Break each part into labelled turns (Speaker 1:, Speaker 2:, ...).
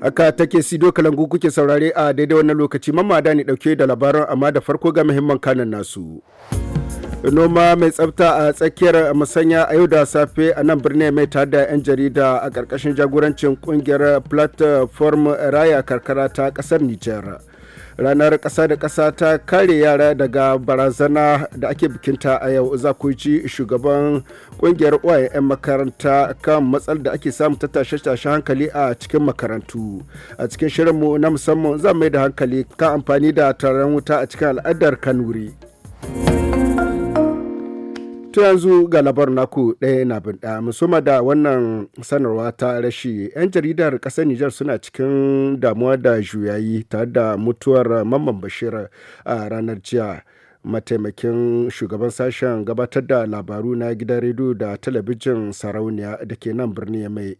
Speaker 1: Haka take Sido Kalangu kuke saurare a daidai wannan lokaci mamada ne dauke da labaran amma da farko ga muhimman kanan nasu. noma mai tsafta a tsakiyar masanya a yau da safe a nan birni mai ta da 'yan jarida a ƙarƙashin jagorancin ƙungiyar platform raya karkara ta ƙasar nijar ranar ƙasa da kasa ta kare yara daga barazana da ake bikinta a yau za ku shugaban ƙungiyar uwayen 'yan makaranta kan matsal da ake samu ta tashe-tashe hankali a cikin makarantu a cikin shirinmu na musamman za mai da hankali kan amfani da taron wuta a cikin al'adar kanuri. To yanzu ga labar naku ɗaya na bin ɗaya musamman da wannan sanarwa ta rashi 'yan jaridar ƙasar Nijar suna cikin damuwa da juyayi tare da mutuwar mamman bashir a ranar jiya. mataimakin shugaban sashen gabatar da labaru na gidan rediyo da talabijin sarauniya da ke nan birni mai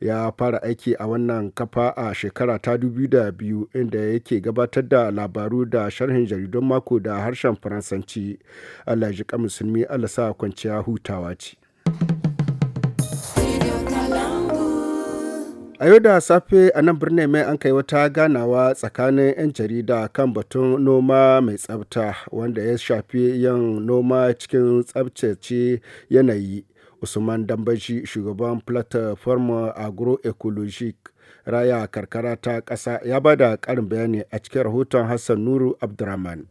Speaker 1: ya fara aiki a wannan kafa a shekara ta biyu inda yake gabatar da labaru da sharhin jaridun mako da harshen faransanci allah ji musulmi allah sa kwanciya hutawa ce A yau da safe a nan birnin mai an kai wata ganawa tsakanin 'yan jarida kan batun noma mai tsabta wanda ya shafi 'yan noma cikin tsabtace yanayi. Usman Dambashi shugaban platform agroecologic raya karkara ta ƙasa ya bada ƙarin bayani a cikin rahoton Hassan Nuru Abdurrahman.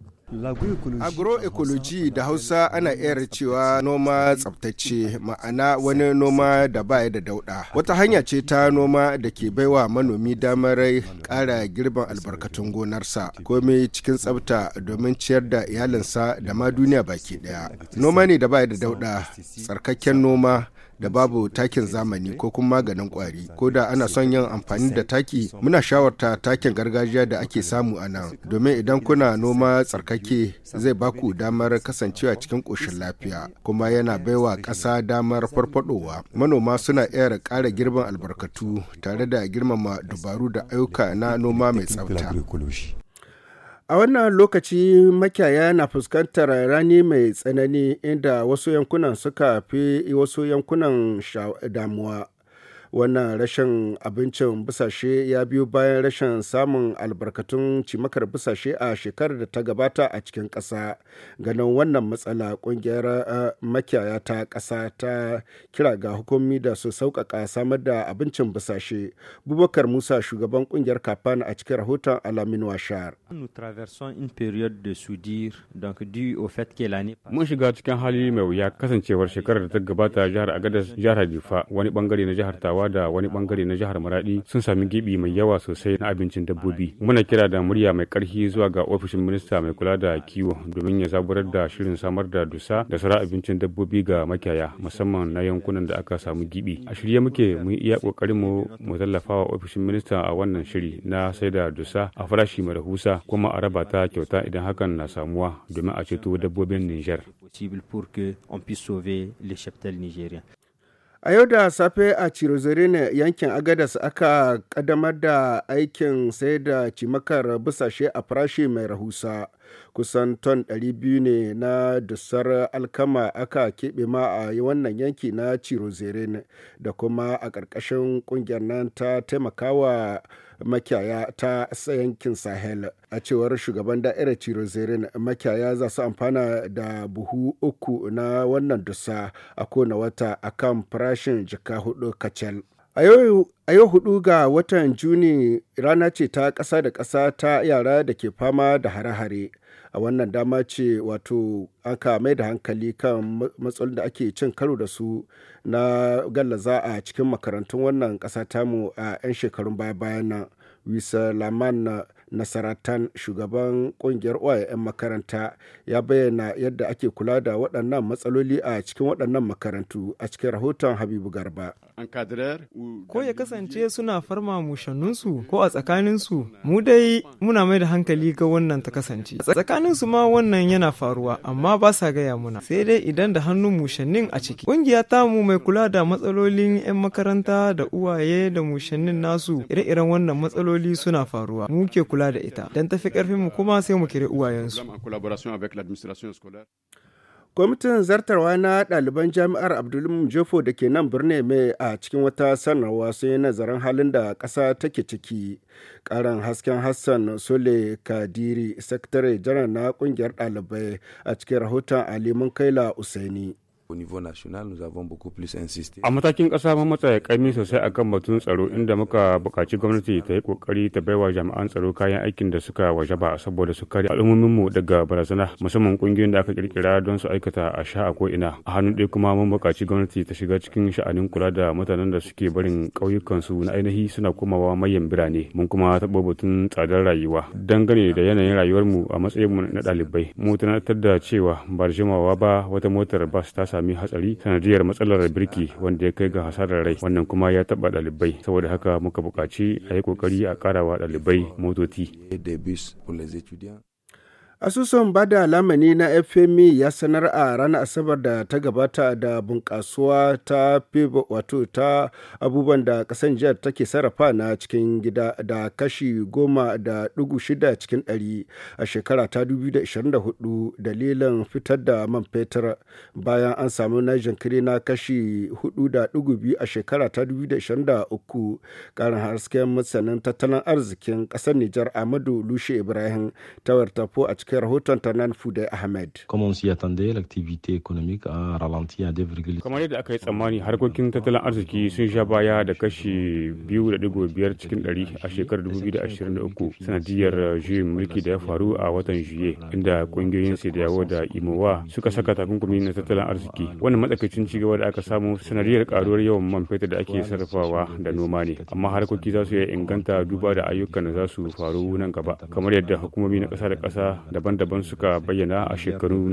Speaker 1: agroecology da hausa ana iya cewa noma tsabtacce ma'ana wani noma da baya da dauda wata hanya ce ta noma da ke baiwa manomi damar kara girbin albarkatun gonarsa komai cikin tsabta domin ciyar da iyalinsa da ma duniya baki daya noma ne da baya da dauda tsarkaken noma da babu takin zamani ko kuma maganin kwari ko da ana son yin amfani da taki muna shawarta takin gargajiya da ake samu a nan domin idan kuna noma tsarkake zai baku damar kasancewa cikin ƙoshin lafiya kuma yana baiwa ƙasa damar farfadowa manoma suna iya ƙara girbin albarkatu tare da girmama dabaru da ayyuka na noma mai tsafta A wannan lokaci makiyaya na fuskantar rani mai tsanani inda wasu yankunan suka fi wasu yankunan damuwa. wannan rashin abincin busashe ya biyo bayan rashin samun albarkatun cimakar busashe a shekarar da ta gabata a cikin ƙasa ganin wannan matsala ƙungiyar eh, makiyaya ta ƙasa ta kira ga hukumi da su sauƙaƙa samar da abincin busashe bubakar musa shugaban ƙungiyar kafan a cikin rahoton alamin washar
Speaker 2: mun shiga cikin hali mai wuya kasancewar shekarar da ta gabata jihar agadas jihar jifa wani bangare na jihar tawa Tawa da wani bangare na jihar Maradi sun sami gibi mai yawa sosai na abincin dabbobi. Muna kira da murya mai karfi zuwa ga ofishin minista mai kula da kiwo domin ya zaburar da shirin samar da dusa da sauran abincin dabbobi ga makiyaya musamman na yankunan da aka samu gibi. A shirye muke mu iya kokarin mu mu tallafa wa ofishin minista a wannan shiri na sai da dusa a farashi mai rahusa kuma a raba ta kyauta idan hakan na samuwa domin a ceto dabbobin Niger.
Speaker 1: A yau da safe a Cirozerine yankin Agadas aka ƙaddamar da aikin sai da cimakar busashe a farashi mai rahusa. kusan ton 200 ne na dusar alkama aka keɓe ma a wannan yanki na cirozerin da kuma a ƙarƙashin ƙungiyar nan ta taimakawa makiyaya ta yankin sahel a cewar shugaban da'irar zerin makiyaya za su amfana da buhu uku na wannan dusa a kowane wata a kan farashin jika hudu kacal a yau hudu ga watan juni rana ce ta ƙasa da ƙasa ta yara da ke fama da hare-hare a wannan dama ce wato aka mai da hankali kan matsalolin da ake cin karo da su na gallaza a cikin makarantun wannan ƙasa tamu a 'yan shekarun baya-bayan na wisa laman nasaratan shugaban kungiyar yan makaranta ya bayyana yadda ake kula da waɗannan matsaloli a cikin waɗannan makarantu a cikin rahoton habibu garba ko ya kasance suna farma mushanninsu ko a tsakaninsu mu dai muna mai da hankali ga wannan ta kasance a tsakaninsu ma wannan yana faruwa amma ba sa gaya muna sai dai idan da hannun mushannin a ciki ƙungiya mu mai kula da matsalolin 'yan makaranta da uwaye da mushannin nasu ire-iren wannan matsaloli suna faruwa mu ke kula kula da ita don tafi karfin mu kuma sai mu kiri uwayensu kwamitin zartarwa na ɗaliban jami'ar abdulmumin jofo da ke nan birnin mai a cikin wata sanarwa sun yi nazarin halin da ƙasa take ciki ƙarin hasken hassan sule kadiri sakatare janar na ƙungiyar ɗalibai a cikin rahoton ali kaila usaini A matakin
Speaker 2: ƙasa mun matsaya ƙaimi sosai a kan batun tsaro inda muka bukaci gwamnati ta yi ƙoƙari ta baiwa jami'an tsaro kayan aikin da suka waje ba saboda su kare al'ummominmu daga barazana musamman ƙungiyoyin da aka ƙirƙira don su aikata a sha a ko'ina. A hannun ɗaya kuma mun bukaci gwamnati ta shiga cikin sha'anin kula da mutanen da suke barin ƙauyukansu na ainihi suna komawa manyan birane. Mun kuma taɓa batun tsadar rayuwa dangane da yanayin rayuwarmu a matsayinmu na ɗalibai. Mu tunatar da cewa ba da jimawa ba wata motar bas ta sami hatsari sanadiyar matsalar birki wanda ya kai ga hasarar rai wannan kuma ya taba ɗalibai saboda haka muka buƙaci a yi ƙoƙari a ƙarawa ɗalibai motoci.
Speaker 1: Asusun bada lamani na FMI e ya sanar a ranar Asabar da ta gabata da bunkasuwa ta wato ta abubuwan da kasan jihar take sarrafa na cikin gida da kashi goma da dugu shida cikin dari a shekara ta 2024 dalilin fitar da man fetur bayan an samu na jinkiri na kashi hudu da dugu biyu a shekara ta 2023 karin hasken masanin tattalin arzikin kasar Nijar Amadu Lushe Ibrahim ta wartafo a cikin kai rahoton Tanan Fude Ahmed. a
Speaker 2: Kamar yadda aka yi tsammani harkokin tattalin arziki sun sha baya da kashi biyar cikin ɗari a shekarar 2023 sanadiyar juyin mulki da ya faru a watan Juye inda ƙungiyoyin sai da Imowa suka saka takunkumi na tattalin arziki. Wannan matsakaicin cigaba da aka samu sanadiyar karuwar yawan man fetur da ake sarrafawa da noma ne amma harkoki za su iya inganta duba da ayyukan da za su faru nan gaba kamar yadda hukumomi na ƙasa da ƙasa da daban-daban suka bayyana a shekaru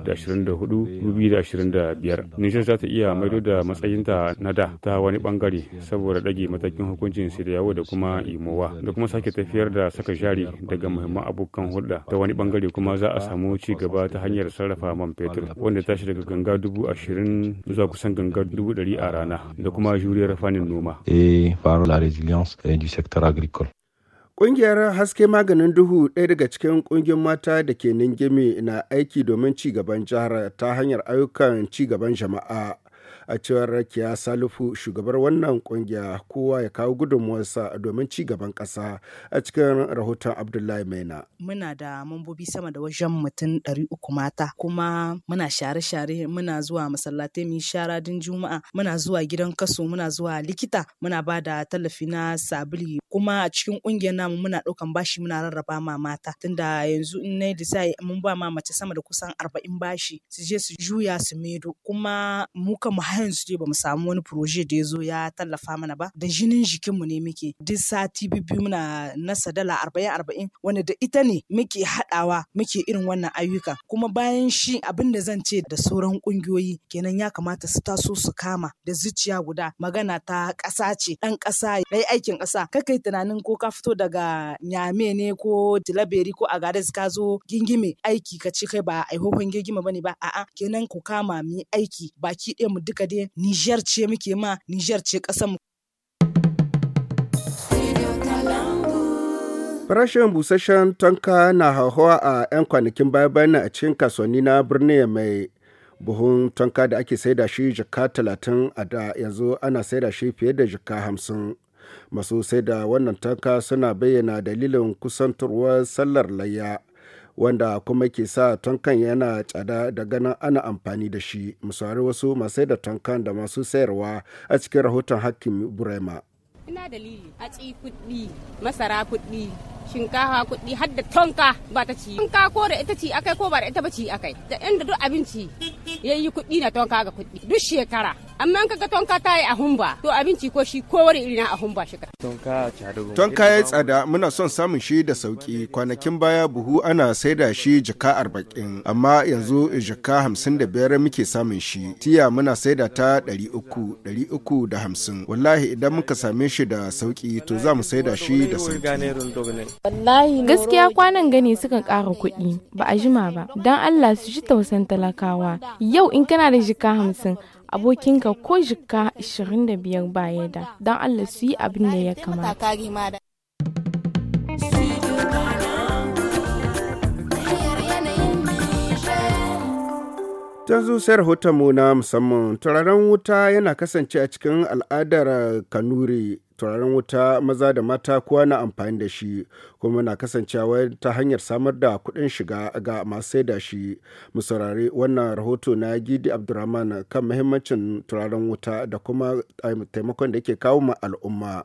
Speaker 2: 2024-2025 nijar za ta iya maido da matsayinta na da ta wani bangare saboda ɗage matakin hukuncin siriyawo da kuma imowa da kuma sake tafiyar da saka jari daga muhimman abokan hulɗa ta wani bangare kuma za a samu ci gaba ta hanyar sarrafa man fetur wanda tashi daga ganga dubu ashirin zuwa kusan ganga dubu ɗari a rana da kuma juriyar fannin noma. Et par la résilience eh, du secteur agricole.
Speaker 1: Ƙungiyar Haske Maganin Duhu ɗaya daga cikin ƙungiyar mata da ke Ningimi na aiki domin ci gaban jihar ta hanyar ayyukan ci gaban jama'a. a cewar rakiya salufu shugabar wannan kungiya kowa ya kawo gudunmuwarsa domin ci gaban ƙasa a cikin rahoton abdullahi maina muna
Speaker 3: da mambobi sama da wajen mutum ɗari uku mata kuma muna share-share muna zuwa masallatai mai shara din juma'a muna zuwa gidan kaso muna zuwa likita muna ba da tallafi na sabili kuma a cikin ƙungiyar namu muna ɗaukan bashi muna rarraba ma mata tunda yanzu in na yi mun ba ma mace sama da kusan arba'in bashi su je su juya su medo kuma mu kan har yanzu dai bamu samu wani proje da ya zo ya tallafa mana ba da jinin jikinmu ne muke duk sati biyu muna na dala arba'in arba'in wanda da ita ne muke haɗawa muke irin wannan ayyuka kuma bayan shi abin da zan ce da sauran ƙungiyoyi kenan ya kamata su taso su kama da zuciya guda magana ta ƙasa ce ɗan ƙasa ɗai aikin ƙasa kakai tunanin ko ka fito daga nyame ne ko tilaberi ko agares ka zo gingime aiki ka ce kai ba aihohon gingime bane ba a'a kenan ku kama mu yi aiki baki ɗaya mu duka dai Nijar ce muke ma Nijar ce ƙasar
Speaker 1: Farashin busasshen tanka na hauhawa a 'yan kwanakin baya-bayan a cikin kasuwanni na birni mai buhun tanka da ake saida shi jika talatin a da yanzu ana saida shi fiye da jaka 50. Masu da wannan tanka suna bayyana dalilin kusantarwar sallar layya. wanda kuma ke sa tankan yana tsada da ganin ana amfani da shi misali wasu masai da tankan da masu sayarwa a cikin rahoton hakkin burema
Speaker 3: ina dalili a ci kuɗi masara kuɗi shinkafa kuɗi har da tonka ba ta ci tonka ko da ita ci akai ko ba da ita ba ci akai da inda duk abinci yayi kuɗi na tonka ga kuɗi duk shekara amma kaga tonka ta yi a humba to abinci ko shi ko wani irin a humba shi
Speaker 1: tonka ya tsada muna son samun shi da sauki kwanakin baya buhu ana saida shi jaka arba'in amma yanzu jaka hamsin da biyar muke samun shi tiya muna saida ta ɗari uku ɗari uku da hamsin wallahi idan muka same shi shi da sauki to za mu saida shi da
Speaker 2: sauki.
Speaker 3: Gaskiya kwanan gani suka kara kuɗi ba a jima ba don Allah su ji tausan talakawa yau in kana da jika hamsin abokinka ko jika ashirin da biyar baya da don Allah su yi abin da ya kamata.
Speaker 1: yanzu sai mu na musamman turaren wuta yana kasance a cikin al'adar kanuri turaren wuta maza da mata kuwa na amfani da shi kuma na kasancewa ta hanyar samar da kuɗin shiga ga masu da shi mu wannan rahoto na gidi abdurrahman kan muhimmancin turaren wuta da kuma eh, taimakon da yake kawo ma al'umma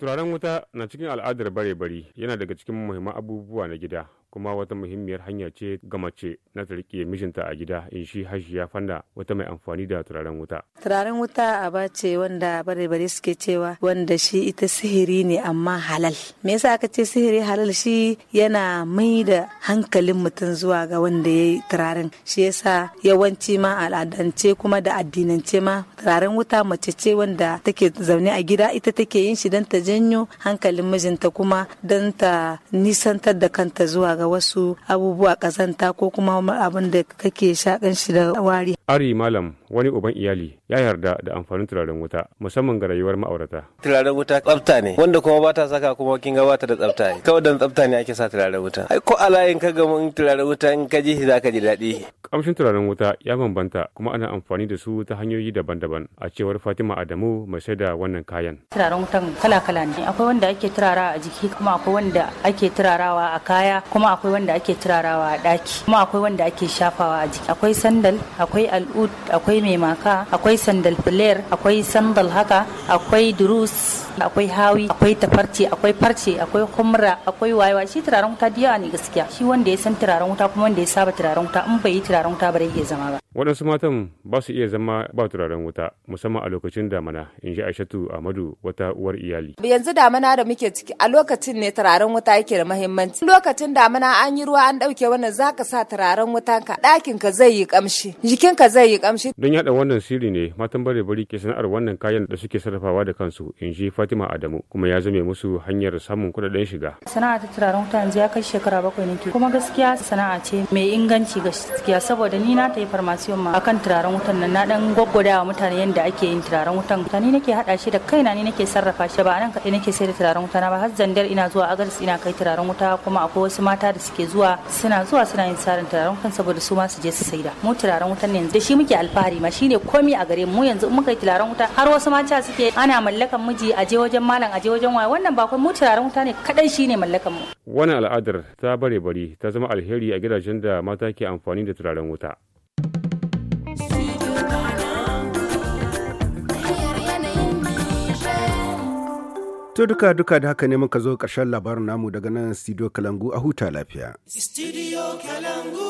Speaker 2: turaren wuta na cikin al'adar bare-bari yana daga cikin muhimman abubuwa na gida kuma wata muhimmiyar hanya ce ga mace na ta rike mijinta a gida in shi ya fanda wata mai amfani da turaren wuta.
Speaker 3: Turaren wuta aba ce wanda bare-bare suke cewa wanda shi ita sihiri ne amma halal. Me yasa aka ce sihiri halal shi yana mai da hankalin mutum zuwa ga wanda ya yi turaren. Shi yasa yawanci ma al'adance kuma da addinance ma turaren wuta mace ce wanda take zaune a gida ita take yin shi don ta janyo hankalin mijinta kuma don ta nisantar da kanta zuwa ga wasu abubuwa kazanta ko kuma abin da kake shakan
Speaker 2: shi da wari. Ari malam wani uban iyali ya yarda da amfanin turaren wuta musamman ga rayuwar ma'aurata.
Speaker 1: Turaren wuta tsafta ne wanda kuma ba ta saka kuma kin ga bata da tsafta ne kawai dan tsafta ne ake sa turaren wuta. Ai ko alayin ka ga mun turaren wuta in ka ji za ka ji daɗi.
Speaker 2: Kamshin turaren wuta ya bambanta kuma ana amfani da su ta hanyoyi daban-daban a cewar Fatima Adamu mai da wannan kayan.
Speaker 4: Turaren wutan kala-kala ne akwai wanda ake turara a jiki kuma akwai wanda ake turarawa a kaya kuma akwai wanda ake turarawa a ɗaki kuma akwai wanda ake shafawa a jiki akwai sandal akwai al'ud akwai akwai mai maka akwai sandal player akwai sandal haka akwai durus akwai hawi akwai tafarce akwai farce akwai humra akwai wayewa shi turaren wuta diya ne gaskiya shi wanda ya san turaren wuta kuma wanda ya saba turaren wuta in bai yi turaren wuta ba zai iya
Speaker 2: zama ba waɗansu matan ba su iya zama ba turaren wuta musamman a lokacin damana in ji aishatu amadu wata uwar iyali
Speaker 3: yanzu damana da muke ciki a lokacin ne turaren wuta yake da muhimmanci lokacin damana an yi ruwa an ɗauke wannan zaka sa turaren wuta ka ka zai yi kamshi jikin ka zai yi kamshi
Speaker 2: don yaɗa wannan sirri ne matan bare bari ke sana'ar wannan kayan da suke sarrafawa da kansu in ji Fatima Adamu kuma ya zame musu hanyar samun kudaden shiga.
Speaker 4: Sana'a ta turaren wuta yanzu ya kai shekara bakwai nake kuma gaskiya sana'a ce mai inganci gaskiya saboda ni na ta yi farmasiyon ma akan turaren wutan nan na dan gwaggwada wa mutane yadda ake yin turaren wutan. Ni nake hada shi da kaina ni nake sarrafa shi ba nan kaɗai nake sai da turaren wuta na ba har zandar ina zuwa agaris ina kai turaren wuta kuma akwai wasu mata da suke zuwa suna zuwa suna yin sarin turaren wutan saboda su ma su je su saida. Mu turaren wutan ne da shi muke alfahari ma shine komi a gare mu yanzu in muka yi turaren wuta har wasu mata suke ana mallakan miji a aje wajen malam aje wajen waye wannan ba mu turaren wuta ne kadan shine mallakan mu
Speaker 2: wannan al'adar ta bare bari ta zama alheri a gidajen da mata ke amfani da turaren wuta
Speaker 1: To duka duka da haka ne muka zo karshen labarin namu daga nan studio Kalangu a huta lafiya.
Speaker 2: Studio Kalangu.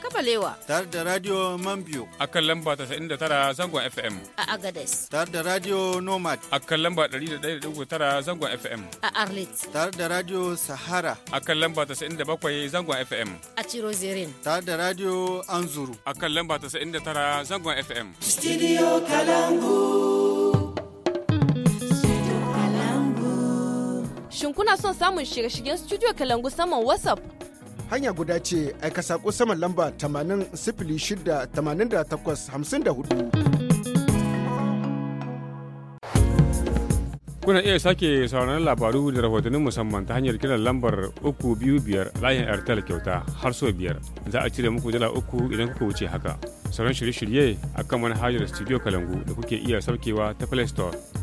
Speaker 2: Kabalewa. Tare da Radio Mambio. A kan lamba tara zangon FM.
Speaker 1: A Agades.
Speaker 2: Tare da Radio Nomad. A kan lamba tara zangon FM.
Speaker 1: A Arlit. Tare da Radio Sahara.
Speaker 2: A kan lamba bakwai zangon FM.
Speaker 1: A Chirozirin. Tare da Radio Anzuru.
Speaker 2: A kan lamba tara zangon FM. Studio Kalangu. Shin kuna son samun shirye-shiryen Studio Kalangu saman WhatsApp?
Speaker 1: hanya guda ce aika sako saman lamba 80 6
Speaker 2: kuna iya sake sauran labaru da rahotannin musamman ta hanyar kiran lambar 325 layin airtel kyauta har so biyar za a cire muku dala uku idan kuka wuce haka sauran shirye-shirye akan manhajar studio kalangu da kuke iya saukewa ta play store